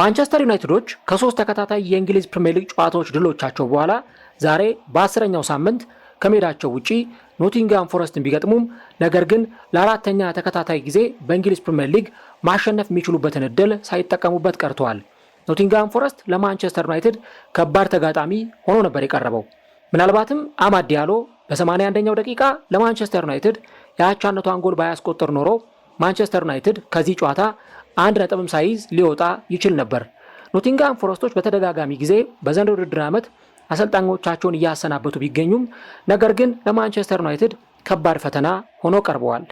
ማንቸስተር ዩናይትዶች ከሶስት ተከታታይ የእንግሊዝ ፕሪምየር ሊግ ጨዋታዎች ድሎቻቸው በኋላ ዛሬ በአስረኛው ሳምንት ከሜዳቸው ውጪ ኖቲንግሃም ፎረስትን ቢገጥሙም ነገር ግን ለአራተኛ ተከታታይ ጊዜ በእንግሊዝ ፕሪምየር ሊግ ማሸነፍ የሚችሉበትን እድል ሳይጠቀሙበት ቀርተዋል። ኖቲንግሃም ፎረስት ለማንቸስተር ዩናይትድ ከባድ ተጋጣሚ ሆኖ ነበር የቀረበው። ምናልባትም አማድ ዲያሎ በ81ኛው ደቂቃ ለማንቸስተር ዩናይትድ የአቻነቷን ጎል ባያስቆጥር ኖሮ ማንቸስተር ዩናይትድ ከዚህ ጨዋታ አንድ ነጥብም ሳይዝ ሊወጣ ይችል ነበር። ኖቲንግሃም ፎረስቶች በተደጋጋሚ ጊዜ በዘንድሮው ውድድር ዓመት አሰልጣኞቻቸውን እያሰናበቱ ቢገኙም ነገር ግን ለማንቸስተር ዩናይትድ ከባድ ፈተና ሆኖ ቀርበዋል።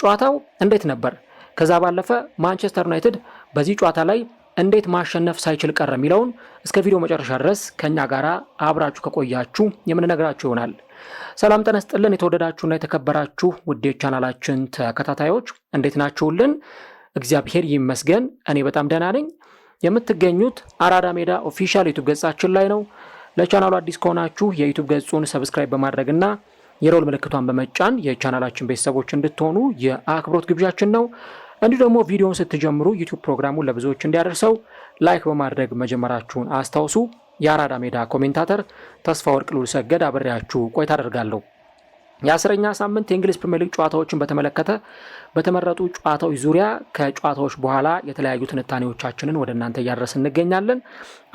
ጨዋታው እንዴት ነበር? ከዛ ባለፈ ማንቸስተር ዩናይትድ በዚህ ጨዋታ ላይ እንዴት ማሸነፍ ሳይችል ቀረ የሚለውን እስከ ቪዲዮ መጨረሻ ድረስ ከእኛ ጋር አብራችሁ ከቆያችሁ የምንነግራችሁ ይሆናል። ሰላም ጤና ይስጥልን የተወደዳችሁና የተከበራችሁ ውዴ ቻናላችን ተከታታዮች እንዴት ናችሁልን? እግዚአብሔር ይመስገን እኔ በጣም ደህና ነኝ። የምትገኙት አራዳ ሜዳ ኦፊሻል ዩቱብ ገጻችን ላይ ነው። ለቻናሉ አዲስ ከሆናችሁ የዩቱብ ገጹን ሰብስክራይብ በማድረግና የሮል ምልክቷን በመጫን የቻናላችን ቤተሰቦች እንድትሆኑ የአክብሮት ግብዣችን ነው። እንዲሁ ደግሞ ቪዲዮውን ስትጀምሩ ዩቱብ ፕሮግራሙን ለብዙዎች እንዲያደርሰው ላይክ በማድረግ መጀመራችሁን አስታውሱ። የአራዳ ሜዳ ኮሜንታተር ተስፋ ወርቅ ሉል ሰገድ አብሬያችሁ ቆይታ አደርጋለሁ። የአስረኛ ሳምንት የእንግሊዝ ፕሪምየር ሊግ ጨዋታዎችን በተመለከተ በተመረጡ ጨዋታዎች ዙሪያ ከጨዋታዎች በኋላ የተለያዩ ትንታኔዎቻችንን ወደ እናንተ እያደረስ እንገኛለን።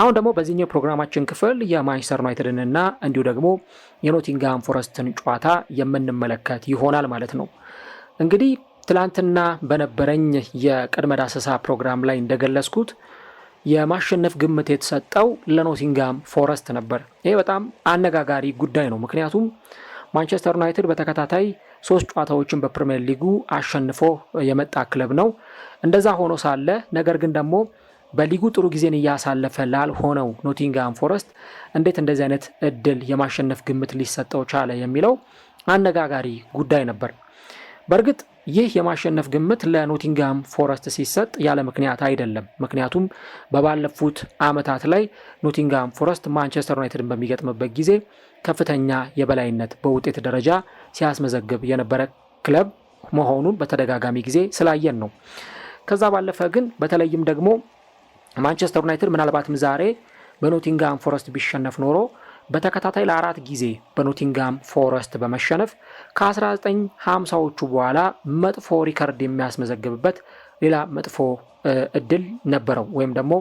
አሁን ደግሞ በዚህኛው የፕሮግራማችን ክፍል የማንቸስተር ዩናይትድንና እንዲሁ ደግሞ የኖቲንግሃም ፎረስትን ጨዋታ የምንመለከት ይሆናል ማለት ነው። እንግዲህ ትላንትና በነበረኝ የቅድመ ዳሰሳ ፕሮግራም ላይ እንደገለጽኩት የማሸነፍ ግምት የተሰጠው ለኖቲንግሃም ፎረስት ነበር። ይሄ በጣም አነጋጋሪ ጉዳይ ነው። ምክንያቱም ማንቸስተር ዩናይትድ በተከታታይ ሶስት ጨዋታዎችን በፕሪምየር ሊጉ አሸንፎ የመጣ ክለብ ነው። እንደዛ ሆኖ ሳለ ነገር ግን ደግሞ በሊጉ ጥሩ ጊዜን እያሳለፈ ላልሆነው ኖቲንግሃም ፎረስት እንዴት እንደዚህ አይነት እድል የማሸነፍ ግምት ሊሰጠው ቻለ የሚለው አነጋጋሪ ጉዳይ ነበር። በእርግጥ ይህ የማሸነፍ ግምት ለኖቲንግሃም ፎረስት ሲሰጥ ያለ ምክንያት አይደለም። ምክንያቱም በባለፉት ዓመታት ላይ ኖቲንግሃም ፎረስት ማንቸስተር ዩናይትድን በሚገጥምበት ጊዜ ከፍተኛ የበላይነት በውጤት ደረጃ ሲያስመዘግብ የነበረ ክለብ መሆኑን በተደጋጋሚ ጊዜ ስላየን ነው። ከዛ ባለፈ ግን በተለይም ደግሞ ማንቸስተር ዩናይትድ ምናልባትም ዛሬ በኖቲንጋም ፎረስት ቢሸነፍ ኖሮ በተከታታይ ለአራት ጊዜ በኖቲንጋም ፎረስት በመሸነፍ ከ1950ዎቹ በኋላ መጥፎ ሪከርድ የሚያስመዘግብበት ሌላ መጥፎ እድል ነበረው ወይም ደግሞ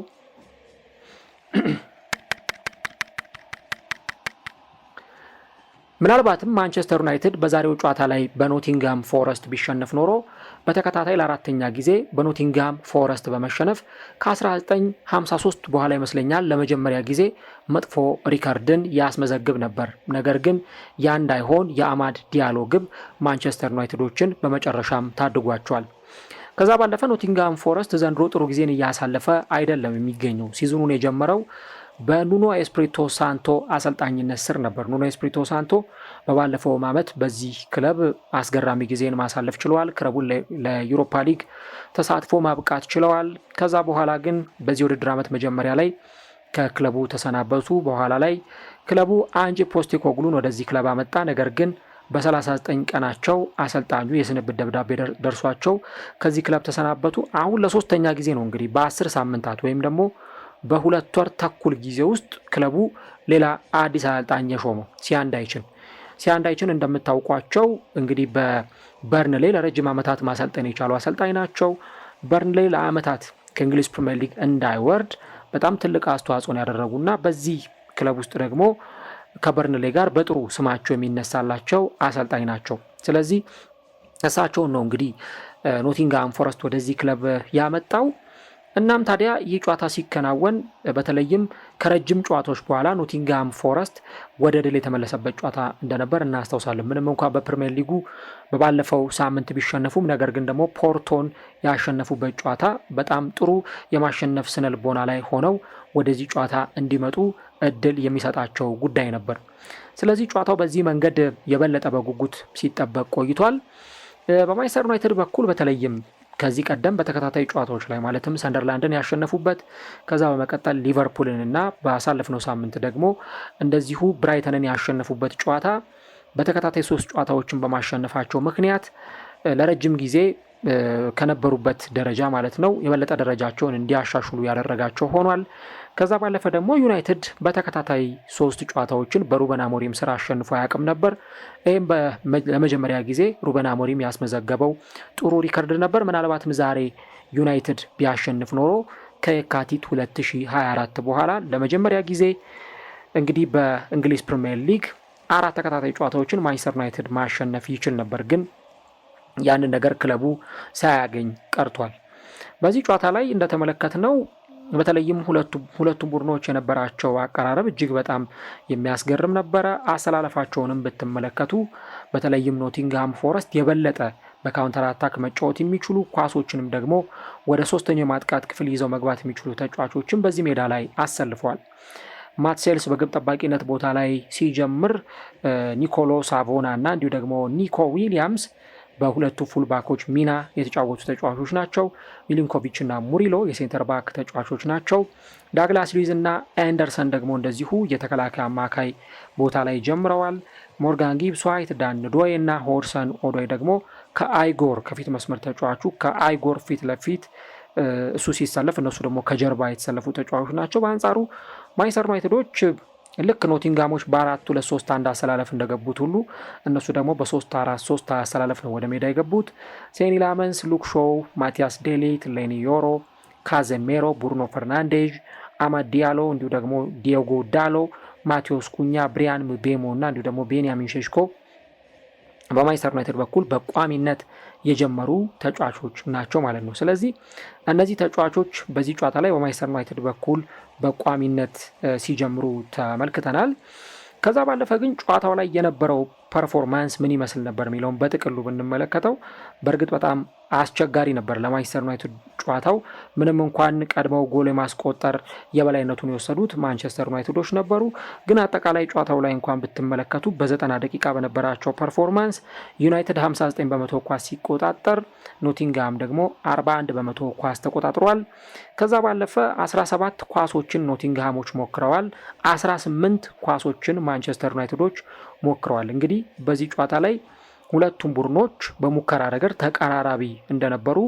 ምናልባትም ማንቸስተር ዩናይትድ በዛሬው ጨዋታ ላይ በኖቲንግሃም ፎረስት ቢሸነፍ ኖሮ በተከታታይ ለአራተኛ ጊዜ በኖቲንግሃም ፎረስት በመሸነፍ ከ1953 በኋላ ይመስለኛል ለመጀመሪያ ጊዜ መጥፎ ሪከርድን ያስመዘግብ ነበር። ነገር ግን ያ እንዳይሆን የአማድ ዲያሎ ግብ ማንቸስተር ዩናይትዶችን በመጨረሻም ታድጓቸዋል። ከዛ ባለፈ ኖቲንግሃም ፎረስት ዘንድሮ ጥሩ ጊዜን እያሳለፈ አይደለም የሚገኘው ሲዝኑን የጀመረው በኑኖ ኤስፕሪቶ ሳንቶ አሰልጣኝነት ስር ነበር። ኑኖ ኤስፕሪቶ ሳንቶ በባለፈውም ዓመት በዚህ ክለብ አስገራሚ ጊዜን ማሳለፍ ችለዋል። ክለቡን ለዩሮፓ ሊግ ተሳትፎ ማብቃት ችለዋል። ከዛ በኋላ ግን በዚህ ውድድር ዓመት መጀመሪያ ላይ ከክለቡ ተሰናበቱ። በኋላ ላይ ክለቡ አንጅ ፖስቴኮግሉን ወደዚህ ክለብ አመጣ። ነገር ግን በ39 ቀናቸው አሰልጣኙ የስንብት ደብዳቤ ደርሷቸው ከዚህ ክለብ ተሰናበቱ። አሁን ለሶስተኛ ጊዜ ነው እንግዲህ በአስር ሳምንታት ወይም ደግሞ በሁለት ወር ተኩል ጊዜ ውስጥ ክለቡ ሌላ አዲስ አሰልጣኝ የሾመው ሲያንዳይችን ሲያንዳይችን እንደምታውቋቸው እንግዲህ በበርንሌ ለረጅም ዓመታት ማሰልጠን የቻሉ አሰልጣኝ ናቸው። በርንሌ ለዓመታት ከእንግሊዝ ፕሪምየር ሊግ እንዳይወርድ በጣም ትልቅ አስተዋጽኦን ያደረጉና በዚህ ክለብ ውስጥ ደግሞ ከበርንሌ ጋር በጥሩ ስማቸው የሚነሳላቸው አሰልጣኝ ናቸው። ስለዚህ እሳቸውን ነው እንግዲህ ኖቲንግሃም ፎረስት ወደዚህ ክለብ ያመጣው። እናም ታዲያ ይህ ጨዋታ ሲከናወን በተለይም ከረጅም ጨዋታዎች በኋላ ኖቲንግሃም ፎረስት ወደ ድል የተመለሰበት ጨዋታ እንደነበር እናስታውሳለን። ምንም እንኳ በፕሪሚየር ሊጉ በባለፈው ሳምንት ቢሸነፉም፣ ነገር ግን ደግሞ ፖርቶን ያሸነፉበት ጨዋታ በጣም ጥሩ የማሸነፍ ስነ ልቦና ላይ ሆነው ወደዚህ ጨዋታ እንዲመጡ እድል የሚሰጣቸው ጉዳይ ነበር። ስለዚህ ጨዋታው በዚህ መንገድ የበለጠ በጉጉት ሲጠበቅ ቆይቷል። በማንቸስተር ዩናይትድ በኩል በተለይም ከዚህ ቀደም በተከታታይ ጨዋታዎች ላይ ማለትም ሰንደርላንድን ያሸነፉበት ከዛ በመቀጠል ሊቨርፑልን እና በአሳለፍነው ሳምንት ደግሞ እንደዚሁ ብራይተንን ያሸነፉበት ጨዋታ በተከታታይ ሶስት ጨዋታዎችን በማሸነፋቸው ምክንያት ለረጅም ጊዜ ከነበሩበት ደረጃ ማለት ነው የበለጠ ደረጃቸውን እንዲያሻሽሉ ያደረጋቸው ሆኗል። ከዛ ባለፈ ደግሞ ዩናይትድ በተከታታይ ሶስት ጨዋታዎችን በሩበን አሞሪም ስራ አሸንፎ አያውቅም ነበር። ይህም ለመጀመሪያ ጊዜ ሩበን አሞሪም ያስመዘገበው ጥሩ ሪከርድ ነበር። ምናልባትም ዛሬ ዩናይትድ ቢያሸንፍ ኖሮ ከየካቲት 2024 በኋላ ለመጀመሪያ ጊዜ እንግዲህ በእንግሊዝ ፕሪምየር ሊግ አራት ተከታታይ ጨዋታዎችን ማንቸስተር ዩናይትድ ማሸነፍ ይችል ነበር፣ ግን ያንን ነገር ክለቡ ሳያገኝ ቀርቷል። በዚህ ጨዋታ ላይ እንደተመለከትነው በተለይም ሁለቱ ቡድኖች የነበራቸው አቀራረብ እጅግ በጣም የሚያስገርም ነበረ። አሰላለፋቸውንም ብትመለከቱ በተለይም ኖቲንግሃም ፎረስት የበለጠ በካውንተር አታክ መጫወት የሚችሉ ኳሶችንም ደግሞ ወደ ሶስተኛው የማጥቃት ክፍል ይዘው መግባት የሚችሉ ተጫዋቾችን በዚህ ሜዳ ላይ አሰልፏል። ማትሴልስ በግብ ጠባቂነት ቦታ ላይ ሲጀምር ኒኮሎ ሳቮና እና እንዲሁ ደግሞ ኒኮ ዊሊያምስ በሁለቱ ፉልባኮች ሚና የተጫወቱ ተጫዋቾች ናቸው። ሚሊንኮቪች እና ሙሪሎ የሴንተር ባክ ተጫዋቾች ናቸው። ዳግላስ ሉዊዝ እና አንደርሰን ደግሞ እንደዚሁ የተከላካይ አማካይ ቦታ ላይ ጀምረዋል። ሞርጋን ጊብስ ዋይት፣ ዳን ዶይ እና ሆርሰን ኦዶይ ደግሞ ከአይጎር ከፊት መስመር ተጫዋቹ ከአይጎር ፊት ለፊት እሱ ሲሰለፍ እነሱ ደግሞ ከጀርባ የተሰለፉ ተጫዋቾች ናቸው። በአንጻሩ ማንችስተር ዩናይትዶች ልክ ኖቲንጋሞች በአራት ሁለት ሶስት አንድ አሰላለፍ እንደገቡት ሁሉ እነሱ ደግሞ በሶስት አራት ሶስት አሰላለፍ ነው ወደ ሜዳ የገቡት። ሴኒ ላመንስ፣ ሉክ ሾው፣ ማቲያስ ዴሌት ሌኒ ዮሮ፣ ካዘሜሮ፣ ቡርኖ ፈርናንዴዥ፣ አማድ ዲያሎ እንዲሁ ደግሞ ዲዮጎ ዳሎ፣ ማቴዎስ ኩኛ፣ ብሪያን ምቤሞ እና እንዲሁ ደግሞ ቤንያሚን ሸሽኮ በማንቸስተር ዩናይትድ በኩል በቋሚነት የጀመሩ ተጫዋቾች ናቸው ማለት ነው። ስለዚህ እነዚህ ተጫዋቾች በዚህ ጨዋታ ላይ በማንቸስተር ዩናይትድ በኩል በቋሚነት ሲጀምሩ ተመልክተናል። ከዛ ባለፈ ግን ጨዋታው ላይ የነበረው ፐርፎርማንስ ምን ይመስል ነበር የሚለውን በጥቅሉ ብንመለከተው በእርግጥ በጣም አስቸጋሪ ነበር ለማንቸስተር ዩናይትድ ጨዋታው። ምንም እንኳን ቀድመው ጎል የማስቆጠር የበላይነቱን የወሰዱት ማንቸስተር ዩናይትዶች ነበሩ፣ ግን አጠቃላይ ጨዋታው ላይ እንኳን ብትመለከቱ በዘጠና ደቂቃ በነበራቸው ፐርፎርማንስ ዩናይትድ 59 በመቶ ኳስ ሲቆጣጠር ኖቲንግሃም ደግሞ 41 በመቶ ኳስ ተቆጣጥሯል። ከዛ ባለፈ 17 ኳሶችን ኖቲንግሃሞች ሞክረዋል፣ 18 ኳሶችን ማንቸስተር ዩናይትዶች ሞክረዋል። እንግዲህ በዚህ ጨዋታ ላይ ሁለቱም ቡድኖች በሙከራ ረገድ ተቀራራቢ እንደነበሩ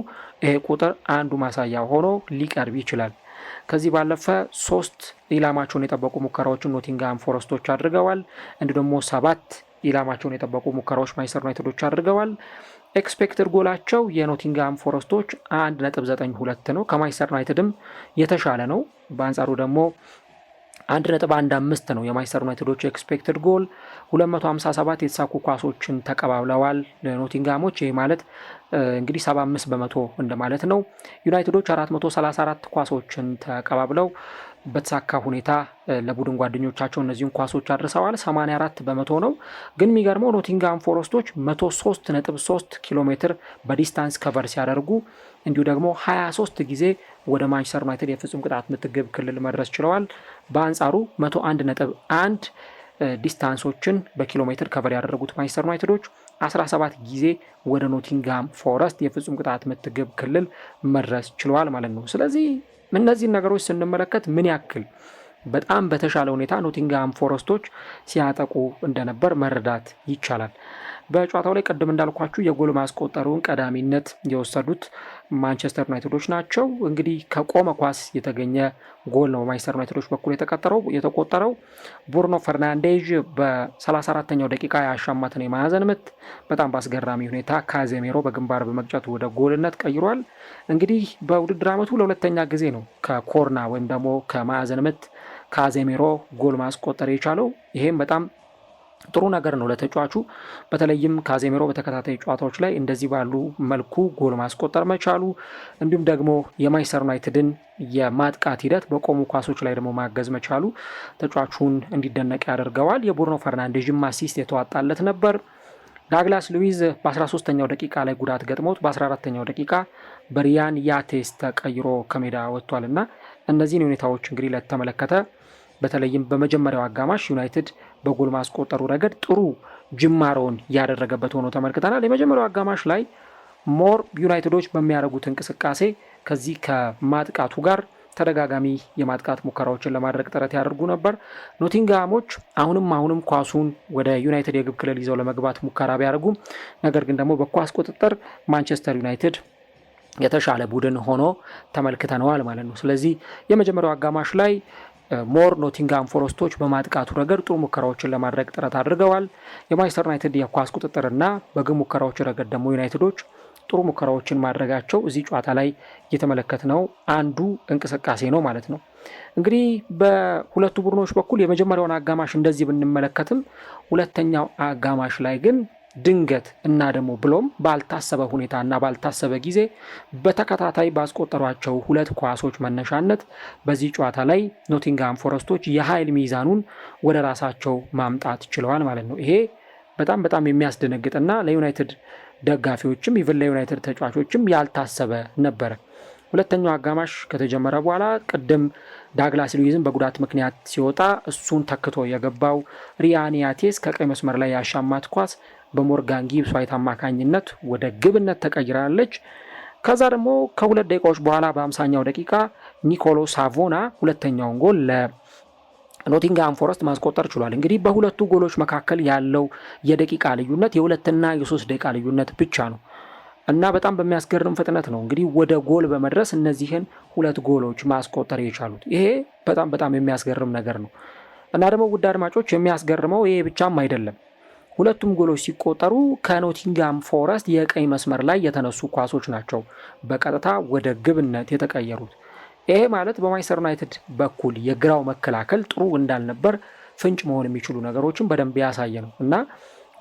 ይሄ ቁጥር አንዱ ማሳያ ሆኖ ሊቀርብ ይችላል። ከዚህ ባለፈ ሶስት ኢላማቸውን የጠበቁ ሙከራዎችን ኖቲንግሃም ፎረስቶች አድርገዋል። እንዲ ደግሞ ሰባት ኢላማቸውን የጠበቁ ሙከራዎች ማንቸስተር ዩናይትዶች አድርገዋል። ኤክስፔክትድ ጎላቸው የኖቲንግሃም ፎረስቶች 1.92 ነው፣ ከማንቸስተር ዩናይትድም የተሻለ ነው። በአንጻሩ ደግሞ 1.15 ነው የማይስተር ዩናይትዶች ኤክስፔክትድ ጎል። 257 የተሳኩ ኳሶችን ተቀባብለዋል ኖቲንጋሞች። ይህ ማለት እንግዲህ 75 በመቶ እንደማለት ነው። ዩናይትዶች 434 ኳሶችን ተቀባብለው በተሳካ ሁኔታ ለቡድን ጓደኞቻቸው እነዚህን ኳሶች አድርሰዋል። 84 በመቶ ነው። ግን የሚገርመው ኖቲንግሃም ፎረስቶች 103.3 ኪሎ ሜትር በዲስታንስ ከቨር ሲያደርጉ እንዲሁ ደግሞ 23 ጊዜ ወደ ማንቸስተር ዩናይትድ የፍጹም ቅጣት ምትግብ ክልል መድረስ ችለዋል። በአንጻሩ አንድ ነጥብ 1 ዲስታንሶችን በኪሎ ሜትር ከበር ያደረጉት ማንቸስተር ዩናይትዶች 17 ጊዜ ወደ ኖቲንጋም ፎረስት የፍጹም ቅጣት ምትግብ ክልል መድረስ ችለዋል ማለት ነው። ስለዚህ እነዚህን ነገሮች ስንመለከት ምን ያክል በጣም በተሻለ ሁኔታ ኖቲንግሃም ፎረስቶች ሲያጠቁ እንደነበር መረዳት ይቻላል። በጨዋታው ላይ ቅድም እንዳልኳችሁ የጎል ማስቆጠሩን ቀዳሚነት የወሰዱት ማንቸስተር ዩናይትዶች ናቸው። እንግዲህ ከቆመ ኳስ የተገኘ ጎል ነው ማንቸስተር ዩናይትዶች በኩል የተቆጠረው። ቡርኖ ፈርናንዴዥ በ 34 ተኛው ደቂቃ ያሻማትን የማዕዘን ምት በጣም በአስገራሚ ሁኔታ ካዜሜሮ በግንባር በመግጨት ወደ ጎልነት ቀይሯል። እንግዲህ በውድድር ዓመቱ ለሁለተኛ ጊዜ ነው ከኮርና ወይም ደግሞ ከማዕዘን ምት ካዜሜሮ ጎል ማስቆጠር የቻለው ይሄም በጣም ጥሩ ነገር ነው ለተጫዋቹ። በተለይም ካዜሜሮ በተከታታይ ጨዋታዎች ላይ እንደዚህ ባሉ መልኩ ጎል ማስቆጠር መቻሉ እንዲሁም ደግሞ የማንቸስተር ዩናይትድን የማጥቃት ሂደት በቆሙ ኳሶች ላይ ደግሞ ማገዝ መቻሉ ተጫዋቹን እንዲደነቅ ያደርገዋል። የቡርኖ ፈርናንዴዥም አሲስት የተዋጣለት ነበር። ዳግላስ ሉዊዝ በ13ኛው ደቂቃ ላይ ጉዳት ገጥሞት በ14ኛው ደቂቃ በሪያን ያቴስ ተቀይሮ ከሜዳ ወጥቷል እና እነዚህን ሁኔታዎች እንግዲህ ለተመለከተ በተለይም በመጀመሪያው አጋማሽ ዩናይትድ በጎል ማስቆጠሩ ረገድ ጥሩ ጅማሮውን ያደረገበት ሆኖ ተመልክተናል። የመጀመሪያው አጋማሽ ላይ ሞር ዩናይትዶች በሚያደርጉት እንቅስቃሴ ከዚህ ከማጥቃቱ ጋር ተደጋጋሚ የማጥቃት ሙከራዎችን ለማድረግ ጥረት ያደርጉ ነበር። ኖቲንግሃሞች አሁንም አሁንም ኳሱን ወደ ዩናይትድ የግብ ክልል ይዘው ለመግባት ሙከራ ቢያደርጉ፣ ነገር ግን ደግሞ በኳስ ቁጥጥር ማንቸስተር ዩናይትድ የተሻለ ቡድን ሆኖ ተመልክተነዋል ማለት ነው። ስለዚህ የመጀመሪያው አጋማሽ ላይ ሞር ኖቲንጋም ፎረስቶች በማጥቃቱ ረገድ ጥሩ ሙከራዎችን ለማድረግ ጥረት አድርገዋል። የማንቸስተር ዩናይትድ የኳስ ቁጥጥርና በግብ ሙከራዎች ረገድ ደግሞ ዩናይትዶች ጥሩ ሙከራዎችን ማድረጋቸው እዚህ ጨዋታ ላይ እየተመለከትነው አንዱ እንቅስቃሴ ነው ማለት ነው። እንግዲህ በሁለቱ ቡድኖች በኩል የመጀመሪያውን አጋማሽ እንደዚህ ብንመለከትም ሁለተኛው አጋማሽ ላይ ግን ድንገት እና ደግሞ ብሎም ባልታሰበ ሁኔታ እና ባልታሰበ ጊዜ በተከታታይ ባስቆጠሯቸው ሁለት ኳሶች መነሻነት በዚህ ጨዋታ ላይ ኖቲንግሃም ፎረስቶች የኃይል ሚዛኑን ወደ ራሳቸው ማምጣት ችለዋል ማለት ነው። ይሄ በጣም በጣም የሚያስደነግጥና ለዩናይትድ ደጋፊዎችም ኢቨን ለዩናይትድ ተጫዋቾችም ያልታሰበ ነበረ። ሁለተኛው አጋማሽ ከተጀመረ በኋላ ቅድም ዳግላስ ሉዊዝን በጉዳት ምክንያት ሲወጣ እሱን ተክቶ የገባው ሪያኒያቴስ ከቀይ መስመር ላይ ያሻማት ኳስ በሞርጋን ጊብስ ዋይት አማካኝነት ወደ ግብነት ተቀይራለች። ከዛ ደግሞ ከሁለት ደቂቃዎች በኋላ በአምሳኛው ደቂቃ ኒኮሎ ሳቮና ሁለተኛውን ጎል ኖቲንግሃም ፎረስት ማስቆጠር ችሏል። እንግዲህ በሁለቱ ጎሎች መካከል ያለው የደቂቃ ልዩነት የሁለትና የሶስት ደቂቃ ልዩነት ብቻ ነው። እና በጣም በሚያስገርም ፍጥነት ነው እንግዲህ ወደ ጎል በመድረስ እነዚህን ሁለት ጎሎች ማስቆጠር የቻሉት። ይሄ በጣም በጣም የሚያስገርም ነገር ነው። እና ደግሞ ውድ አድማጮች የሚያስገርመው ይሄ ብቻም አይደለም። ሁለቱም ጎሎች ሲቆጠሩ ከኖቲንጋም ፎረስት የቀኝ መስመር ላይ የተነሱ ኳሶች ናቸው በቀጥታ ወደ ግብነት የተቀየሩት። ይሄ ማለት በማንቸስተር ዩናይትድ በኩል የግራው መከላከል ጥሩ እንዳልነበር ፍንጭ መሆን የሚችሉ ነገሮችን በደንብ ያሳየ ነው እና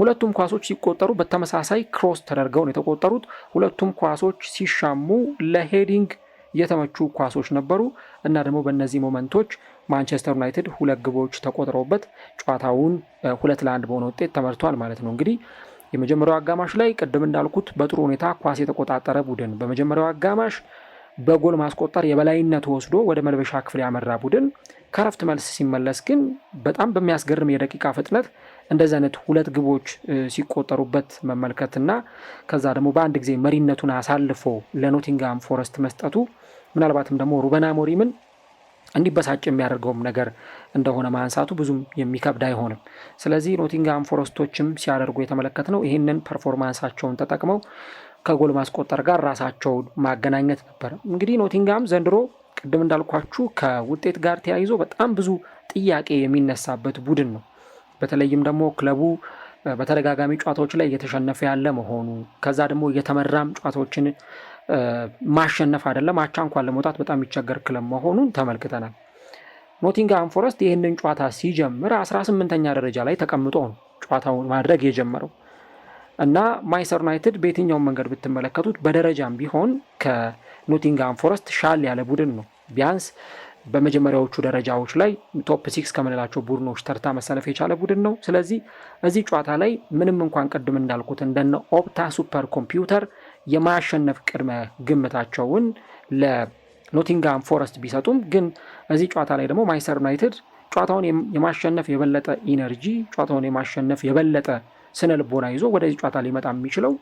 ሁለቱም ኳሶች ሲቆጠሩ በተመሳሳይ ክሮስ ተደርገው ነው የተቆጠሩት። ሁለቱም ኳሶች ሲሻሙ ለሄዲንግ የተመቹ ኳሶች ነበሩ እና ደግሞ በእነዚህ ሞመንቶች ማንቸስተር ዩናይትድ ሁለት ግቦች ተቆጥረውበት ጨዋታውን ሁለት ለአንድ በሆነ ውጤት ተመርቷል ማለት ነው። እንግዲህ የመጀመሪያው አጋማሽ ላይ ቅድም እንዳልኩት በጥሩ ሁኔታ ኳስ የተቆጣጠረ ቡድን በመጀመሪያው አጋማሽ በጎል ማስቆጠር የበላይነት ወስዶ ወደ መልበሻ ክፍል ያመራ ቡድን ከረፍት መልስ ሲመለስ ግን በጣም በሚያስገርም የደቂቃ ፍጥነት እንደዚህ አይነት ሁለት ግቦች ሲቆጠሩበት መመልከትና ከዛ ደግሞ በአንድ ጊዜ መሪነቱን አሳልፎ ለኖቲንግሃም ፎረስት መስጠቱ ምናልባትም ደግሞ ሩበን አሞሪምን እንዲበሳጭ የሚያደርገውም ነገር እንደሆነ ማንሳቱ ብዙም የሚከብድ አይሆንም። ስለዚህ ኖቲንግሃም ፎረስቶችም ሲያደርጉ የተመለከትነው ይህንን ፐርፎርማንሳቸውን ተጠቅመው ከጎል ማስቆጠር ጋር ራሳቸውን ማገናኘት ነበር። እንግዲህ ኖቲንግሃም ዘንድሮ ቅድም እንዳልኳችሁ ከውጤት ጋር ተያይዞ በጣም ብዙ ጥያቄ የሚነሳበት ቡድን ነው። በተለይም ደግሞ ክለቡ በተደጋጋሚ ጨዋታዎች ላይ እየተሸነፈ ያለ መሆኑ ከዛ ደግሞ እየተመራም ጨዋታዎችን ማሸነፍ አይደለም አቻ እንኳን ለመውጣት በጣም የሚቸገር ክለብ መሆኑን ተመልክተናል። ኖቲንግሃም ፎረስት ይህንን ጨዋታ ሲጀምር አስራ ስምንተኛ ደረጃ ላይ ተቀምጦ ነው ጨዋታውን ማድረግ የጀመረው እና ማንችስተር ዩናይትድ በየትኛውን መንገድ ብትመለከቱት በደረጃም ቢሆን ከኖቲንግሃም ፎረስት ሻል ያለ ቡድን ነው ቢያንስ በመጀመሪያዎቹ ደረጃዎች ላይ ቶፕ ሲክስ ከምንላቸው ቡድኖች ተርታ መሰለፍ የቻለ ቡድን ነው። ስለዚህ እዚህ ጨዋታ ላይ ምንም እንኳን ቅድም እንዳልኩት እንደነ ኦፕታ ሱፐር ኮምፒውተር የማያሸነፍ ቅድመ ግምታቸውን ለኖቲንግሃም ፎረስት ቢሰጡም ግን እዚህ ጨዋታ ላይ ደግሞ ማንችስተር ዩናይትድ ጨዋታውን የማሸነፍ የበለጠ ኢነርጂ ጨዋታውን የማሸነፍ የበለጠ ስነ ልቦና ይዞ ወደዚህ ጨዋታ ሊመጣ የሚችለው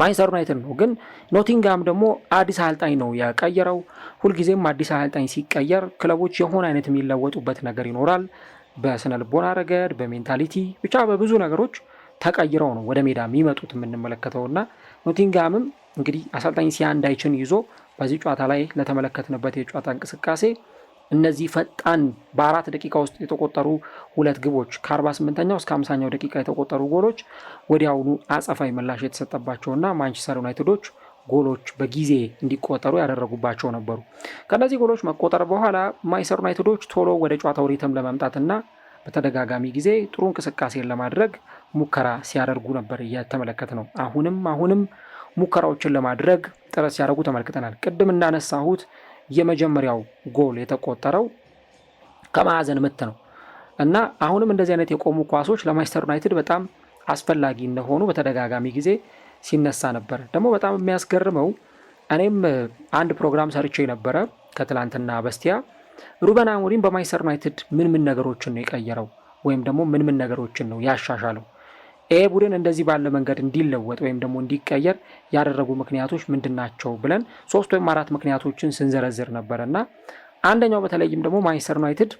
ማንቸስተር ዩናይትድ ነው። ግን ኖቲንግሃም ደግሞ አዲስ አሰልጣኝ ነው የቀየረው። ሁልጊዜም አዲስ አሰልጣኝ ሲቀየር ክለቦች የሆነ አይነት የሚለወጡበት ነገር ይኖራል። በስነ ልቦና ረገድ፣ በሜንታሊቲ ብቻ በብዙ ነገሮች ተቀይረው ነው ወደ ሜዳ የሚመጡት የምንመለከተውና ኖቲንግሃምም እንግዲህ አሰልጣኝ ሲያንዳይችን ይዞ በዚህ ጨዋታ ላይ ለተመለከትንበት የጨዋታ እንቅስቃሴ እነዚህ ፈጣን በአራት ደቂቃ ውስጥ የተቆጠሩ ሁለት ግቦች ከ48ኛው እስከ 50ኛው ደቂቃ የተቆጠሩ ጎሎች ወዲያውኑ አጸፋዊ ምላሽ የተሰጠባቸውና ማንቸስተር ዩናይትዶች ጎሎች በጊዜ እንዲቆጠሩ ያደረጉባቸው ነበሩ። ከእነዚህ ጎሎች መቆጠር በኋላ ማንቸስተር ዩናይትዶች ቶሎ ወደ ጨዋታው ሪትም ለመምጣትና በተደጋጋሚ ጊዜ ጥሩ እንቅስቃሴን ለማድረግ ሙከራ ሲያደርጉ ነበር እየተመለከት ነው። አሁንም አሁንም ሙከራዎችን ለማድረግ ጥረት ሲያደርጉ ተመልክተናል። ቅድም እንዳነሳሁት የመጀመሪያው ጎል የተቆጠረው ከማዕዘን ምት ነው እና አሁንም እንደዚህ አይነት የቆሙ ኳሶች ለማንቸስተር ዩናይትድ በጣም አስፈላጊ እንደሆኑ በተደጋጋሚ ጊዜ ሲነሳ ነበር። ደግሞ በጣም የሚያስገርመው እኔም አንድ ፕሮግራም ሰርቼ ነበረ ከትላንትና በስቲያ ሩበን አሞሪም በማንቸስተር ዩናይትድ ምን ምን ነገሮችን ነው የቀየረው ወይም ደግሞ ምን ምን ነገሮችን ነው ያሻሻለው ይሄ ቡድን እንደዚህ ባለ መንገድ እንዲለወጥ ወይም ደግሞ እንዲቀየር ያደረጉ ምክንያቶች ምንድን ናቸው ብለን ሶስት ወይም አራት ምክንያቶችን ስንዘረዝር ነበር እና አንደኛው በተለይም ደግሞ ማንቸስተር ዩናይትድ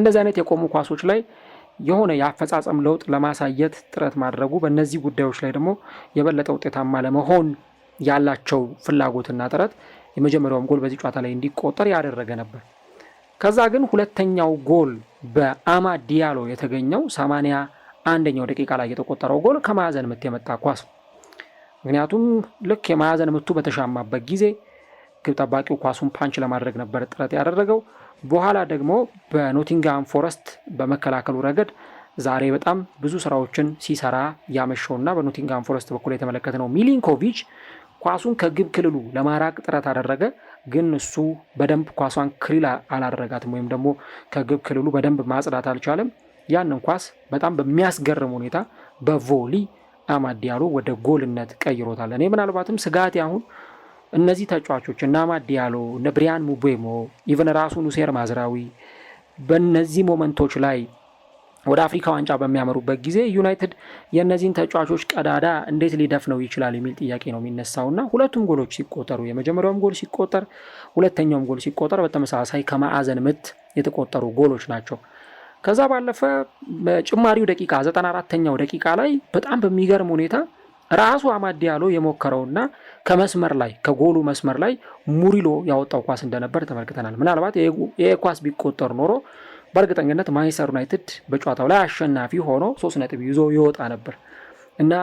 እንደዚህ አይነት የቆሙ ኳሶች ላይ የሆነ የአፈጻጸም ለውጥ ለማሳየት ጥረት ማድረጉ በእነዚህ ጉዳዮች ላይ ደግሞ የበለጠ ውጤታማ ለመሆን ያላቸው ፍላጎትና ጥረት የመጀመሪያውም ጎል በዚህ ጨዋታ ላይ እንዲቆጠር ያደረገ ነበር። ከዛ ግን ሁለተኛው ጎል በአማ ዲያሎ የተገኘው ሰማንያ አንደኛው ደቂቃ ላይ የተቆጠረው ጎል ከማዕዘን ምት የመጣ ኳስ ነው። ምክንያቱም ልክ የማዕዘን ምቱ በተሻማበት ጊዜ ግብ ጠባቂው ኳሱን ፓንች ለማድረግ ነበር ጥረት ያደረገው። በኋላ ደግሞ በኖቲንግሃም ፎረስት በመከላከሉ ረገድ ዛሬ በጣም ብዙ ስራዎችን ሲሰራ ያመሸውና በኖቲንግሃም ፎረስት በኩል የተመለከተ ነው። ሚሊንኮቪች ኳሱን ከግብ ክልሉ ለማራቅ ጥረት አደረገ፣ ግን እሱ በደንብ ኳሷን ክሊል አላደረጋትም ወይም ደግሞ ከግብ ክልሉ በደንብ ማጽዳት አልቻለም። ያንን ኳስ በጣም በሚያስገርም ሁኔታ በቮሊ አማድ ዲያሎ ወደ ጎልነት ቀይሮታል። እኔ ምናልባትም ስጋቴ አሁን እነዚህ ተጫዋቾች እነ አማድ ዲያሎ እነ ብሪያን ሙቤሞ ኢቨን ራሱ ኑሴር ማዝራዊ በእነዚህ ሞመንቶች ላይ ወደ አፍሪካ ዋንጫ በሚያመሩበት ጊዜ ዩናይትድ የእነዚህን ተጫዋቾች ቀዳዳ እንዴት ሊደፍነው ይችላል የሚል ጥያቄ ነው የሚነሳው እና ሁለቱም ጎሎች ሲቆጠሩ የመጀመሪያውም ጎል ሲቆጠር፣ ሁለተኛውም ጎል ሲቆጠር በተመሳሳይ ከማዕዘን ምት የተቆጠሩ ጎሎች ናቸው። ከዛ ባለፈ በጭማሪው ደቂቃ 94ተኛው ደቂቃ ላይ በጣም በሚገርም ሁኔታ ራሱ አማድ ያለው የሞከረውና ከመስመር ላይ ከጎሉ መስመር ላይ ሙሪሎ ያወጣው ኳስ እንደነበር ተመልክተናል። ምናልባት ይሄ ኳስ ቢቆጠር ኖሮ በእርግጠኝነት ማንቸስተር ዩናይትድ በጨዋታው ላይ አሸናፊ ሆኖ ሶስት ነጥብ ይዞ ይወጣ ነበር እና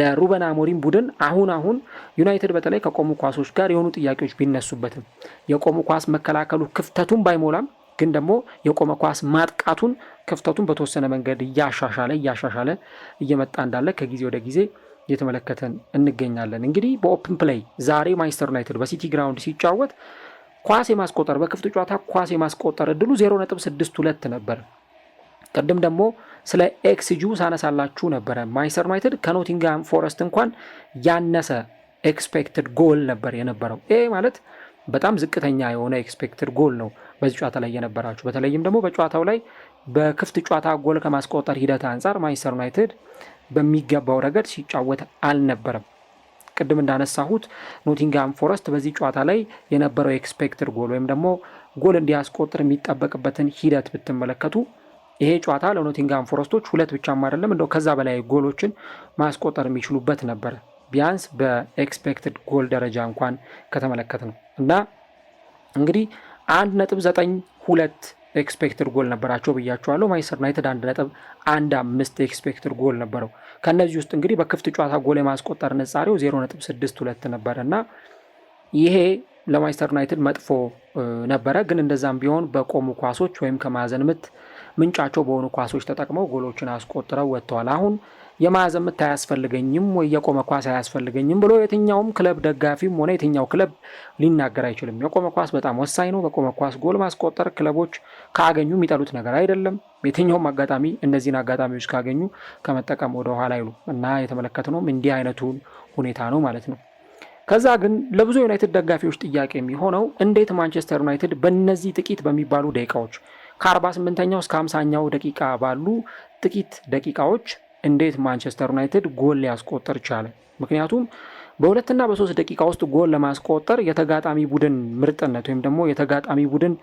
ለሩበን አሞሪም ቡድን አሁን አሁን ዩናይትድ በተለይ ከቆሙ ኳሶች ጋር የሆኑ ጥያቄዎች ቢነሱበትም የቆሙ ኳስ መከላከሉ ክፍተቱን ባይሞላም ግን ደግሞ የቆመ ኳስ ማጥቃቱን ክፍተቱን በተወሰነ መንገድ እያሻሻለ እያሻሻለ እየመጣ እንዳለ ከጊዜ ወደ ጊዜ እየተመለከተን እንገኛለን። እንግዲህ በኦፕን ፕላይ ዛሬ ማንቸስተር ዩናይትድ በሲቲ ግራውንድ ሲጫወት ኳስ የማስቆጠር በክፍት ጨዋታ ኳስ የማስቆጠር እድሉ 0.62 ነበር። ቅድም ደግሞ ስለ ኤክስጂ ሳነሳላችሁ ነበረ። ማንቸስተር ዩናይትድ ከኖቲንግሃም ፎረስት እንኳን ያነሰ ኤክስፔክትድ ጎል ነበር የነበረው። ይሄ ማለት በጣም ዝቅተኛ የሆነ ኤክስፔክትድ ጎል ነው በዚህ ጨዋታ ላይ የነበራችሁ። በተለይም ደግሞ በጨዋታው ላይ በክፍት ጨዋታ ጎል ከማስቆጠር ሂደት አንጻር ማንቸስተር ዩናይትድ በሚገባው ረገድ ሲጫወት አልነበረም። ቅድም እንዳነሳሁት ኖቲንግሃም ፎረስት በዚህ ጨዋታ ላይ የነበረው ኤክስፔክትድ ጎል ወይም ደግሞ ጎል እንዲያስቆጥር የሚጠበቅበትን ሂደት ብትመለከቱ ይሄ ጨዋታ ለኖቲንግሃም ፎረስቶች ሁለት ብቻም አይደለም እንደው ከዛ በላይ ጎሎችን ማስቆጠር የሚችሉበት ነበር ቢያንስ በኤክስፔክትድ ጎል ደረጃ እንኳን ከተመለከት ነው። እና እንግዲህ አንድ ነጥብ ዘጠኝ ሁለት ኤክስፔክትድ ጎል ነበራቸው ብያቸዋለሁ። ማንቸስተር ዩናይትድ አንድ ነጥብ አንድ አምስት ኤክስፔክትድ ጎል ነበረው። ከእነዚህ ውስጥ እንግዲህ በክፍት ጨዋታ ጎል የማስቆጠር ነጻሬው ዜሮ ነጥብ ስድስት ሁለት ነበረ እና ይሄ ለማንቸስተር ዩናይትድ መጥፎ ነበረ። ግን እንደዛም ቢሆን በቆሙ ኳሶች ወይም ከማዕዘን ምት ምንጫቸው በሆኑ ኳሶች ተጠቅመው ጎሎችን አስቆጥረው ወጥተዋል። አሁን የማዕዘን ምት አያስፈልገኝም ወይ የቆመ ኳስ አያስፈልገኝም ብሎ የትኛውም ክለብ ደጋፊም ሆነ የትኛው ክለብ ሊናገር አይችልም። የቆመ ኳስ በጣም ወሳኝ ነው። በቆመ ኳስ ጎል ማስቆጠር ክለቦች ካገኙ የሚጠሉት ነገር አይደለም። የትኛውም አጋጣሚ እነዚህን አጋጣሚዎች ካገኙ ከመጠቀም ወደ ኋላ አይሉ እና የተመለከትነውም እንዲህ አይነቱ ሁኔታ ነው ማለት ነው። ከዛ ግን ለብዙ ዩናይትድ ደጋፊዎች ጥያቄ የሚሆነው እንዴት ማንቸስተር ዩናይትድ በእነዚህ ጥቂት በሚባሉ ደቂቃዎች ከ48ኛው እስከ 50ኛው ደቂቃ ባሉ ጥቂት ደቂቃዎች እንዴት ማንቸስተር ዩናይትድ ጎል ሊያስቆጠር ቻለ? ምክንያቱም በሁለትና በሶስት ደቂቃ ውስጥ ጎል ለማስቆጠር የተጋጣሚ ቡድን ምርጥነት ወይም ደግሞ የተጋጣሚ ቡድን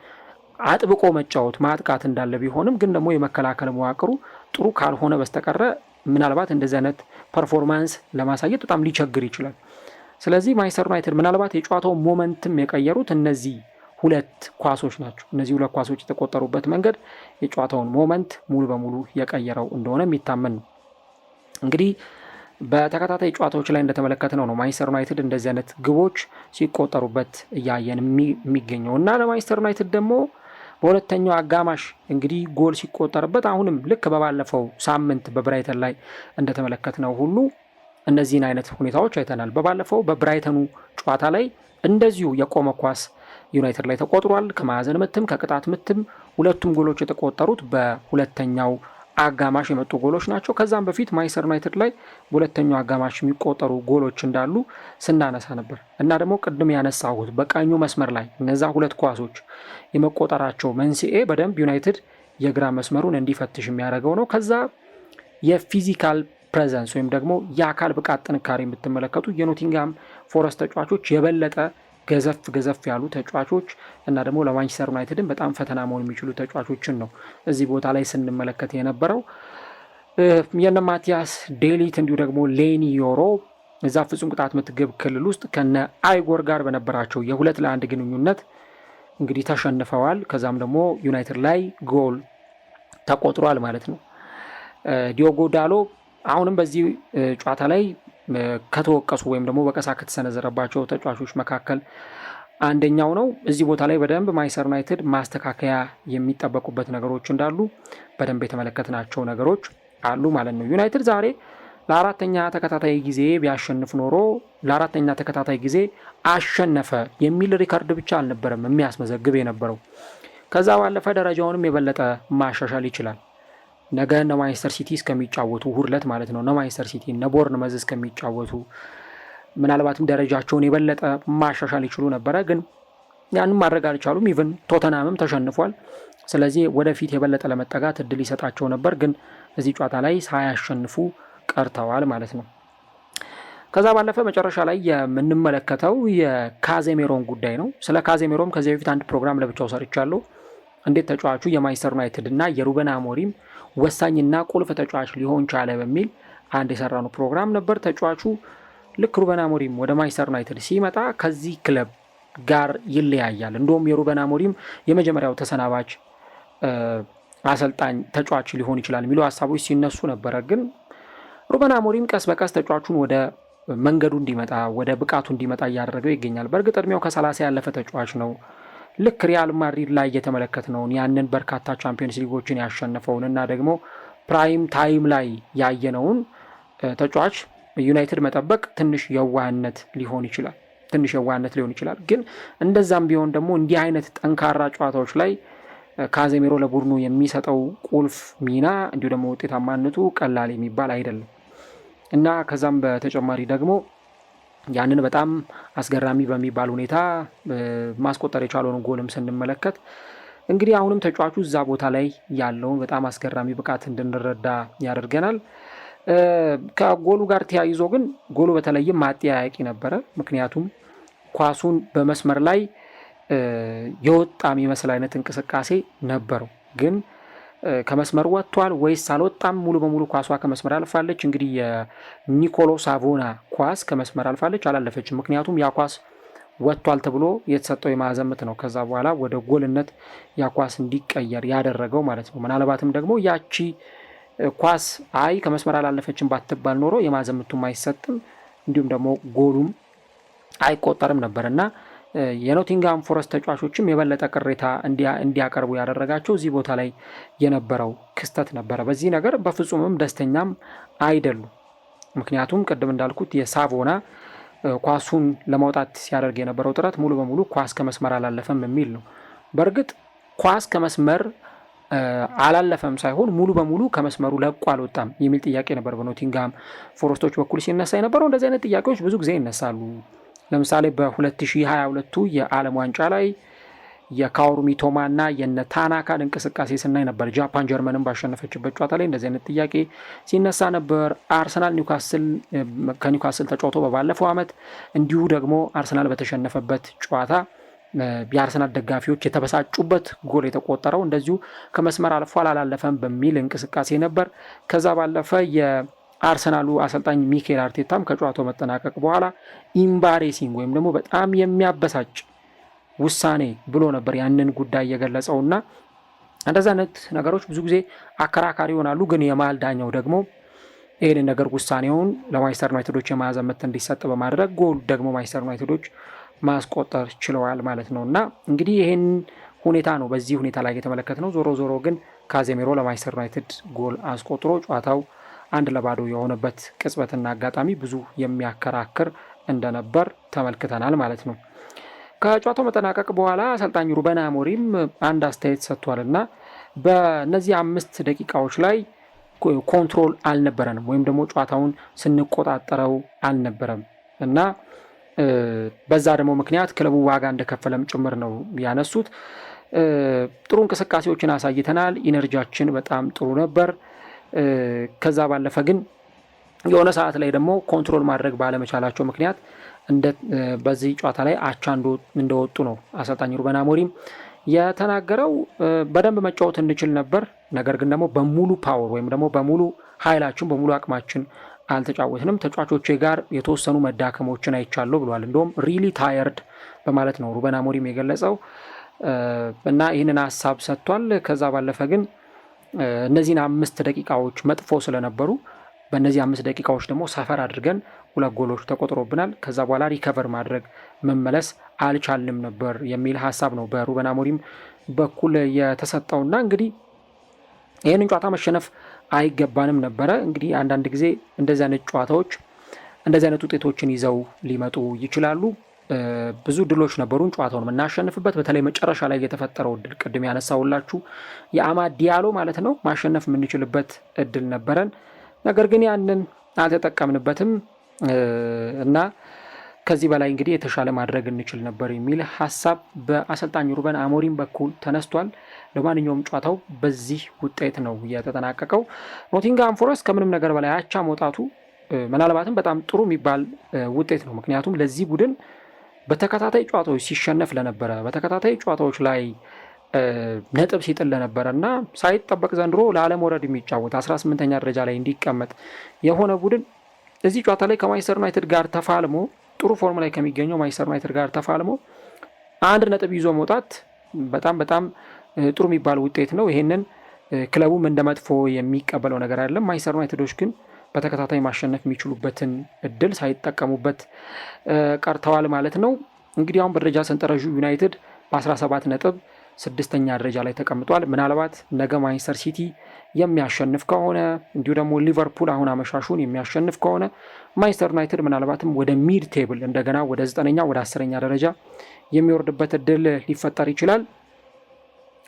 አጥብቆ መጫወት ማጥቃት እንዳለ ቢሆንም ግን ደግሞ የመከላከል መዋቅሩ ጥሩ ካልሆነ በስተቀረ ምናልባት እንደዚህ አይነት ፐርፎርማንስ ለማሳየት በጣም ሊቸግር ይችላል። ስለዚህ ማንቸስተር ዩናይትድ ምናልባት የጨዋታው ሞመንትም የቀየሩት እነዚህ ሁለት ኳሶች ናቸው። እነዚህ ሁለት ኳሶች የተቆጠሩበት መንገድ የጨዋታውን ሞመንት ሙሉ በሙሉ የቀየረው እንደሆነ የሚታመን ነው። እንግዲህ በተከታታይ ጨዋታዎች ላይ እንደተመለከትነው ነው ማንቸስተር ዩናይትድ እንደዚህ አይነት ግቦች ሲቆጠሩበት እያየን የሚገኘው እና ለማንቸስተር ዩናይትድ ደግሞ በሁለተኛው አጋማሽ እንግዲህ ጎል ሲቆጠርበት አሁንም ልክ በባለፈው ሳምንት በብራይተን ላይ እንደተመለከትነው ሁሉ እነዚህን አይነት ሁኔታዎች አይተናል። በባለፈው በብራይተኑ ጨዋታ ላይ እንደዚሁ የቆመ ኳስ ዩናይትድ ላይ ተቆጥሯል። ከማዕዘን ምትም ከቅጣት ምትም ሁለቱም ጎሎች የተቆጠሩት በሁለተኛው አጋማሽ የመጡ ጎሎች ናቸው። ከዛም በፊት ማንችስተር ዩናይትድ ላይ በሁለተኛው አጋማሽ የሚቆጠሩ ጎሎች እንዳሉ ስናነሳ ነበር እና ደግሞ ቅድም ያነሳሁት በቀኙ መስመር ላይ እነዛ ሁለት ኳሶች የመቆጠራቸው መንስኤ በደንብ ዩናይትድ የግራ መስመሩን እንዲፈትሽ የሚያደርገው ነው። ከዛ የፊዚካል ፕሬዘንስ ወይም ደግሞ የአካል ብቃት ጥንካሬ የምትመለከቱ የኖቲንግሃም ፎረስት ተጫዋቾች የበለጠ ገዘፍ ገዘፍ ያሉ ተጫዋቾች እና ደግሞ ለማንቸስተር ዩናይትድን በጣም ፈተና መሆን የሚችሉ ተጫዋቾችን ነው እዚህ ቦታ ላይ ስንመለከት የነበረው። የነ ማቲያስ ዴሊት እንዲሁ ደግሞ ሌኒ ዮሮ እዛ ፍጹም ቅጣት ምትግብ ክልል ውስጥ ከነ አይጎር ጋር በነበራቸው የሁለት ለአንድ ግንኙነት እንግዲህ ተሸንፈዋል። ከዛም ደግሞ ዩናይትድ ላይ ጎል ተቆጥሯል ማለት ነው። ዲዮጎ ዳሎ አሁንም በዚህ ጨዋታ ላይ ከተወቀሱ ወይም ደግሞ በቀሳ ከተሰነዘረባቸው ተጫዋቾች መካከል አንደኛው ነው። እዚህ ቦታ ላይ በደንብ ማንችስተር ዩናይትድ ማስተካከያ የሚጠበቁበት ነገሮች እንዳሉ በደንብ የተመለከትናቸው ነገሮች አሉ ማለት ነው። ዩናይትድ ዛሬ ለአራተኛ ተከታታይ ጊዜ ቢያሸንፍ ኖሮ ለአራተኛ ተከታታይ ጊዜ አሸነፈ የሚል ሪከርድ ብቻ አልነበረም የሚያስመዘግብ የነበረው። ከዛ ባለፈ ደረጃውንም የበለጠ ማሻሻል ይችላል። ነገ እነ ማንቸስተር ሲቲ እስከሚጫወቱ እሁድ ዕለት ማለት ነው እነ ማንቸስተር ሲቲ እነ ቦርንመዝ እስከሚጫወቱ ምናልባትም ደረጃቸውን የበለጠ ማሻሻል ይችሉ ነበረ፣ ግን ያንም ማድረግ አልቻሉም። ኢቨን ቶተናምም ተሸንፏል። ስለዚህ ወደፊት የበለጠ ለመጠጋት እድል ይሰጣቸው ነበር፣ ግን እዚህ ጨዋታ ላይ ሳያሸንፉ ቀርተዋል ማለት ነው። ከዛ ባለፈ መጨረሻ ላይ የምንመለከተው የካዜሜሮን ጉዳይ ነው። ስለ ካዜሜሮም ከዚህ በፊት አንድ ፕሮግራም ለብቻው ሰርቻለሁ። እንዴት ተጫዋቹ የማንቸስተር ዩናይትድ እና የሩበን አሞሪም ወሳኝና ቁልፍ ተጫዋች ሊሆን ቻለ በሚል አንድ የሰራነው ፕሮግራም ነበር። ተጫዋቹ ልክ ሩበን አሞሪም ወደ ማንቸስተር ዩናይትድ ሲመጣ ከዚህ ክለብ ጋር ይለያያል። እንደውም የሩበን አሞሪም የመጀመሪያው ተሰናባች አሰልጣኝ ተጫዋች ሊሆን ይችላል የሚሉ ሀሳቦች ሲነሱ ነበረ። ግን ሩበን አሞሪም ቀስ በቀስ ተጫዋቹን ወደ መንገዱ እንዲመጣ ወደ ብቃቱ እንዲመጣ እያደረገው ይገኛል። በእርግጥ እድሜው ከሰላሳ ያለፈ ተጫዋች ነው። ልክ ሪያል ማድሪድ ላይ እየተመለከትነውን ያንን በርካታ ቻምፒዮንስ ሊጎችን ያሸነፈውን እና ደግሞ ፕራይም ታይም ላይ ያየነውን ተጫዋች ዩናይትድ መጠበቅ ትንሽ የዋህነት ሊሆን ይችላል ትንሽ የዋህነት ሊሆን ይችላል። ግን እንደዛም ቢሆን ደግሞ እንዲህ አይነት ጠንካራ ጨዋታዎች ላይ ካዜሜሮ ለቡድኑ የሚሰጠው ቁልፍ ሚና እንዲሁ ደግሞ ውጤታማነቱ ቀላል የሚባል አይደለም እና ከዛም በተጨማሪ ደግሞ ያንን በጣም አስገራሚ በሚባል ሁኔታ ማስቆጠር የቻለውን ጎልም ስንመለከት እንግዲህ አሁንም ተጫዋቹ እዛ ቦታ ላይ ያለውን በጣም አስገራሚ ብቃት እንድንረዳ ያደርገናል። ከጎሉ ጋር ተያይዞ ግን ጎሉ በተለይም ማጠያያቂ ነበረ። ምክንያቱም ኳሱን በመስመር ላይ የወጣ የሚመስል አይነት እንቅስቃሴ ነበረው ግን ከመስመር ወጥቷል ወይስ አልወጣም? ሙሉ በሙሉ ኳሷ ከመስመር አልፋለች። እንግዲህ የኒኮሎ ሳቮና ኳስ ከመስመር አልፋለች፣ አላለፈችም። ምክንያቱም ያ ኳስ ወጥቷል ተብሎ የተሰጠው የማዕዘን ምት ነው። ከዛ በኋላ ወደ ጎልነት ያ ኳስ እንዲቀየር ያደረገው ማለት ነው። ምናልባትም ደግሞ ያቺ ኳስ አይ ከመስመር አላለፈችም ባትባል ኖሮ የማዕዘን ምቱም አይሰጥም፣ እንዲሁም ደግሞ ጎሉም አይቆጠርም ነበር እና የኖቲንጋም ፎረስት ተጫዋቾችም የበለጠ ቅሬታ እንዲያቀርቡ ያደረጋቸው እዚህ ቦታ ላይ የነበረው ክስተት ነበረ። በዚህ ነገር በፍጹምም ደስተኛም አይደሉም። ምክንያቱም ቅድም እንዳልኩት የሳቮና ኳሱን ለማውጣት ሲያደርግ የነበረው ጥረት ሙሉ በሙሉ ኳስ ከመስመር አላለፈም የሚል ነው። በእርግጥ ኳስ ከመስመር አላለፈም ሳይሆን ሙሉ በሙሉ ከመስመሩ ለቆ አልወጣም የሚል ጥያቄ ነበር በኖቲንጋም ፎረስቶች በኩል ሲነሳ የነበረው። እንደዚህ አይነት ጥያቄዎች ብዙ ጊዜ ይነሳሉ። ለምሳሌ በ2022ቱ የዓለም ዋንጫ ላይ የካኦሩ ሚቶማና የነ ታናካን እንቅስቃሴ ስናይ ነበር። ጃፓን ጀርመንን ባሸነፈችበት ጨዋታ ላይ እንደዚህ አይነት ጥያቄ ሲነሳ ነበር። አርሰናል ኒውካስል ከኒውካስል ተጫውቶ በባለፈው ዓመት እንዲሁ ደግሞ አርሰናል በተሸነፈበት ጨዋታ የአርሰናል ደጋፊዎች የተበሳጩበት ጎል የተቆጠረው እንደዚሁ ከመስመር አልፎ አላላለፈም በሚል እንቅስቃሴ ነበር። ከዛ ባለፈ አርሰናሉ አሰልጣኝ ሚኬል አርቴታም ከጨዋታው መጠናቀቅ በኋላ ኢምባሬሲንግ ወይም ደግሞ በጣም የሚያበሳጭ ውሳኔ ብሎ ነበር ያንን ጉዳይ የገለጸውና እንደዚ አይነት ነገሮች ብዙ ጊዜ አከራካሪ ይሆናሉ። ግን የመሀል ዳኛው ደግሞ ይህንን ነገር ውሳኔውን ለማንቸስተር ዩናይትዶች የመያዝ መብት እንዲሰጥ በማድረግ ጎል ደግሞ ማንቸስተር ዩናይትዶች ማስቆጠር ችለዋል ማለት ነው እና እንግዲህ ይህን ሁኔታ ነው በዚህ ሁኔታ ላይ የተመለከት ነው። ዞሮ ዞሮ ግን ካዜሜሮ ለማንቸስተር ዩናይትድ ጎል አስቆጥሮ ጨዋታው አንድ ለባዶ የሆነበት ቅጽበትና አጋጣሚ ብዙ የሚያከራክር እንደነበር ተመልክተናል ማለት ነው። ከጨዋታው መጠናቀቅ በኋላ አሰልጣኝ ሩበን አሞሪም አንድ አስተያየት ሰጥቷልና በእነዚህ አምስት ደቂቃዎች ላይ ኮንትሮል አልነበረንም ወይም ደግሞ ጨዋታውን ስንቆጣጠረው አልነበረም እና በዛ ደግሞ ምክንያት ክለቡ ዋጋ እንደከፈለም ጭምር ነው ያነሱት። ጥሩ እንቅስቃሴዎችን አሳይተናል። ኢነርጂያችን በጣም ጥሩ ነበር። ከዛ ባለፈ ግን የሆነ ሰዓት ላይ ደግሞ ኮንትሮል ማድረግ ባለመቻላቸው ምክንያት በዚህ ጨዋታ ላይ አቻ እንደወጡ ነው አሰልጣኝ ሩበን አሞሪም የተናገረው። በደንብ መጫወት እንችል ነበር፣ ነገር ግን ደግሞ በሙሉ ፓወር ወይም ደግሞ በሙሉ ኃይላችን በሙሉ አቅማችን አልተጫወትንም። ተጫዋቾቼ ጋር የተወሰኑ መዳከሞችን አይቻለሁ ብለዋል። እንደውም ሪሊ ታየርድ በማለት ነው ሩበን አሞሪም የገለጸው እና ይህንን ሀሳብ ሰጥቷል። ከዛ ባለፈ ግን እነዚህን አምስት ደቂቃዎች መጥፎ ስለነበሩ በእነዚህ አምስት ደቂቃዎች ደግሞ ሰፈር አድርገን ሁለት ጎሎች ተቆጥሮብናል። ከዛ በኋላ ሪከቨር ማድረግ መመለስ አልቻልንም ነበር የሚል ሀሳብ ነው በሩበን አሞሪም በኩል የተሰጠውና እንግዲህ ይህንን ጨዋታ መሸነፍ አይገባንም ነበረ። እንግዲህ አንዳንድ ጊዜ እንደዚህ አይነት ጨዋታዎች እንደዚህ አይነት ውጤቶችን ይዘው ሊመጡ ይችላሉ። ብዙ ድሎች ነበሩን ጨዋታውን የምናሸንፍበት። በተለይ መጨረሻ ላይ የተፈጠረው እድል ቅድም ያነሳውላችሁ የአማድ ዲያሎ ማለት ነው ማሸነፍ የምንችልበት እድል ነበረን፣ ነገር ግን ያንን አልተጠቀምንበትም እና ከዚህ በላይ እንግዲህ የተሻለ ማድረግ እንችል ነበር የሚል ሀሳብ በአሰልጣኝ ሩበን አሞሪም በኩል ተነስቷል። ለማንኛውም ጨዋታው በዚህ ውጤት ነው የተጠናቀቀው። ኖቲንግሃም ፎረስት ከምንም ነገር በላይ አቻ መውጣቱ ምናልባትም በጣም ጥሩ የሚባል ውጤት ነው። ምክንያቱም ለዚህ ቡድን በተከታታይ ጨዋታዎች ሲሸነፍ ለነበረ በተከታታይ ጨዋታዎች ላይ ነጥብ ሲጥል ለነበረ እና ሳይጠበቅ ዘንድሮ ወረድ የሚጫወት 18ኛ ደረጃ ላይ እንዲቀመጥ የሆነ ቡድን እዚህ ጨዋታ ላይ ከማይስተር ዩናይትድ ጋር ተፋልሞ ጥሩ ፎርም ላይ ከሚገኘው ማንቸስተር ዩናይትድ ጋር ተፋልሞ አንድ ነጥብ ይዞ መውጣት በጣም በጣም ጥሩ የሚባል ውጤት ነው። ይሄንን ክለቡም እንደ መጥፎ የሚቀበለው ነገር አይደለም። ማይስተር ዩናይትዶች ግን በተከታታይ ማሸነፍ የሚችሉበትን እድል ሳይጠቀሙበት ቀርተዋል ማለት ነው። እንግዲህ አሁን በደረጃ ሰንጠረዡ ዩናይትድ በ17 ነጥብ ስድስተኛ ደረጃ ላይ ተቀምጧል። ምናልባት ነገ ማንቸስተር ሲቲ የሚያሸንፍ ከሆነ እንዲሁ ደግሞ ሊቨርፑል አሁን አመሻሹን የሚያሸንፍ ከሆነ ማንቸስተር ዩናይትድ ምናልባትም ወደ ሚድ ቴብል እንደገና ወደ ዘጠነኛ ወደ አስረኛ ደረጃ የሚወርድበት እድል ሊፈጠር ይችላል።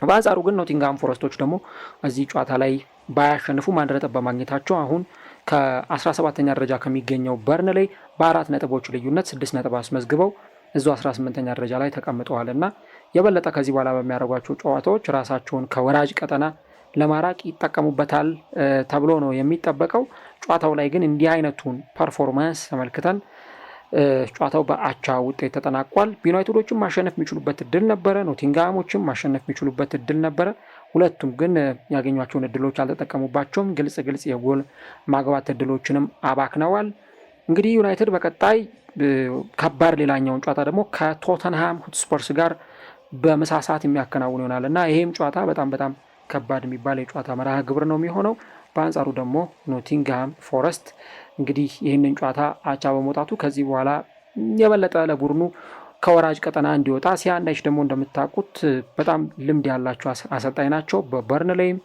በአንጻሩ ግን ኖቲንግሃም ፎረስቶች ደግሞ እዚህ ጨዋታ ላይ ባያሸንፉም አንድ ነጥብ በማግኘታቸው አሁን ከ17ኛ ደረጃ ከሚገኘው ላይ በአራት ነጥቦች ልዩነት ስድስት ነጥብ አስመዝግበው እዙ 18ኛ ደረጃ ላይ ተቀምጠዋል እና የበለጠ ከዚህ በኋላ በሚያደርጓቸው ጨዋታዎች ራሳቸውን ከወራጅ ቀጠና ለማራቅ ይጠቀሙበታል ተብሎ ነው የሚጠበቀው። ጨዋታው ላይ ግን እንዲህ አይነቱን ፐርፎርማንስ ተመልክተን ጨዋታው በአቻ ውጤት ተጠናቋል። ዩናይትዶችም ማሸነፍ የሚችሉበት እድል ነበረ። ኖቲንግሃሞችም ማሸነፍ የሚችሉበት እድል ነበረ። ሁለቱም ግን ያገኟቸውን እድሎች አልተጠቀሙባቸውም። ግልጽ ግልጽ የጎል ማግባት እድሎችንም አባክነዋል። እንግዲህ ዩናይትድ በቀጣይ ከባድ ሌላኛውን ጨዋታ ደግሞ ከቶተንሃም ሁትስፐርስ ጋር በመሳሳት የሚያከናውን ይሆናል እና ይህም ጨዋታ በጣም በጣም ከባድ የሚባል የጨዋታ መርሃ ግብር ነው የሚሆነው። በአንጻሩ ደግሞ ኖቲንግሃም ፎረስት እንግዲህ ይህንን ጨዋታ አቻ በመውጣቱ ከዚህ በኋላ የበለጠ ለቡድኑ ከወራጅ ቀጠና እንዲወጣ ሲያናይች ደግሞ እንደምታውቁት በጣም ልምድ ያላቸው አሰልጣኝ ናቸው። በበርንሌይም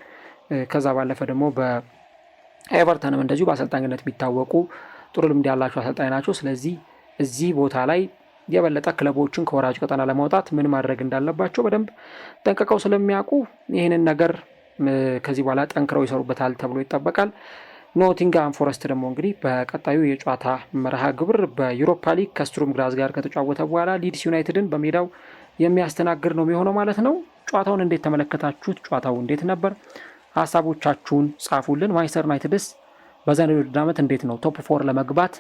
ከዛ ባለፈ ደግሞ በኤቨርተንም እንደዚሁ በአሰልጣኝነት የሚታወቁ ጥሩ ልምድ ያላቸው አሰልጣኝ ናቸው። ስለዚህ እዚህ ቦታ ላይ የበለጠ ክለቦችን ከወራጅ ቀጠና ለማውጣት ምን ማድረግ እንዳለባቸው በደንብ ጠንቅቀው ስለሚያውቁ ይህንን ነገር ከዚህ በኋላ ጠንክረው ይሰሩበታል ተብሎ ይጠበቃል። ኖቲንግሃም ፎረስት ደግሞ እንግዲህ በቀጣዩ የጨዋታ መርሃ ግብር በዩሮፓ ሊግ ከስትሩም ግራዝ ጋር ከተጫወተ በኋላ ሊድስ ዩናይትድን በሜዳው የሚያስተናግድ ነው የሚሆነው ማለት ነው። ጨዋታውን እንዴት ተመለከታችሁት? ጨዋታው እንዴት ነበር? ሀሳቦቻችሁን ጻፉልን። ማንችስተር ዩናይትድስ በዘንድሮው የውድድር ዓመት እንዴት ነው ቶፕ ፎር ለመግባት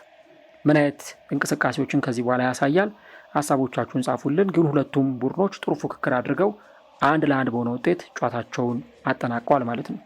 ምን አይነት እንቅስቃሴዎችን ከዚህ በኋላ ያሳያል? ሀሳቦቻችሁን ጻፉልን። ግን ሁለቱም ቡድኖች ጥሩ ፉክክር አድርገው አንድ ለአንድ በሆነ ውጤት ጨዋታቸውን አጠናቀዋል ማለት ነው።